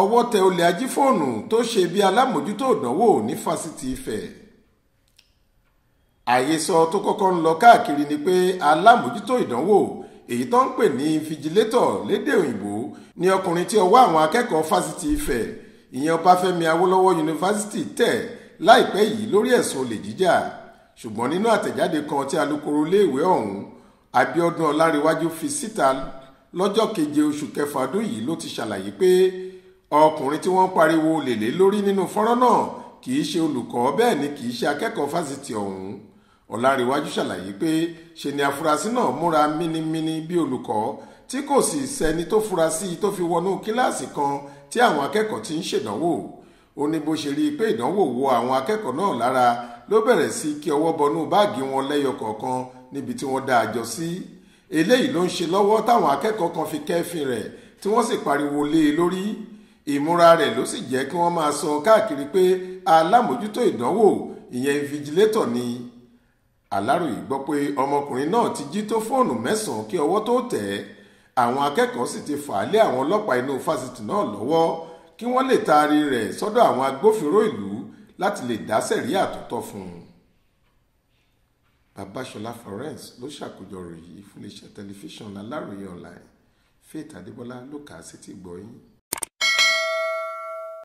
ọwọ́ tẹ olè ajífóònù tó ṣe bí alámòjútó ìdánwò ní fásitì Ifẹ̀ àhesọ tó kọ́kọ́ ń lọ káàkiri ni pé alámòjútó ìdánwò èyí tó ń pè ní infigilétọ̀ lédè òyìnbó ni ọkùnrin tí ọwọ́ àwọn akẹ́kọ̀ọ́ fásitì Ifẹ̀ ìyẹn Ọbáfẹ́mi Awólọ́wọ̀ yunifásitì tẹ̀ láìpẹ́ yìí lórí ẹ̀sùn olè jíjà ṣùgbọ́n nínú àtẹ̀jáde kan tí alukoro iléèwé ọ̀hún Abíọ́dún Ọlárẹ̀wájú fi síta lọ́jọ́ keje oṣù kẹfà ọdún yìí ló ti ṣàlàyé pé ọkùnrin tí wọ́n pariwo lèlé lórí nínú fọ́nrán náà kì í ṣe olùkọ́ bẹ́ẹ̀ ni kì í ṣe akẹ́kọ̀ọ́ fásitì ọ̀hún ọ̀làríwájú ṣàlàyé pé ṣe ni afurasí náà múra mínímíní bí olùkọ́ tí kò sì sẹ́ni tó fura sí i tó fi wọnú kíláàsì kan tí àwọn akẹ́kọ̀ọ́ ti ń ṣèdánwò ó ní bó ṣe rí i pé ìdánwò wọ àwọn akẹ́kọ̀ọ́ náà lára ló bẹ̀rẹ̀ sí kí ọwọ́ bọnú báàgì wọn lẹ́yọ kọ̀ọ̀kan níbi tí wọ́n dá a jọ sí eléyìí ló ń ṣe lọ́wọ́ táwọn akẹ́kọ̀ọ́ kan fi kẹ́fìn rẹ̀ tí wọ́n sì pariwo lé e lórí ìmúra rẹ̀ ló sì jẹ́ kí wọ́n máa sọ káàkiri pé alámòjútó ìdánwò ìyẹn invigilator ni aláròyé gbọ́ pé ọmọkùnrin náà ti jí tó fóònù mẹ́sàn-án kí ọwọ́ tó tẹ̀ ẹ́ àwọn akẹ́kọ̀ọ́ sì ti fà á lé àwọn ọlọ́pàá inú fásitì náà lọ́wọ́ kí wọ́n lè taari rẹ̀ sọ́dọ̀ àwọn agbófinró ìlú láti lè dá sẹ̀ríà tó fún un. Babáṣọlá Florence ló ṣàkójọ ròyìn fún iléeṣẹ́ tẹlifíṣàn Aláròyé online Faith Adébọlá ló kà á sétí gbọ́yìn.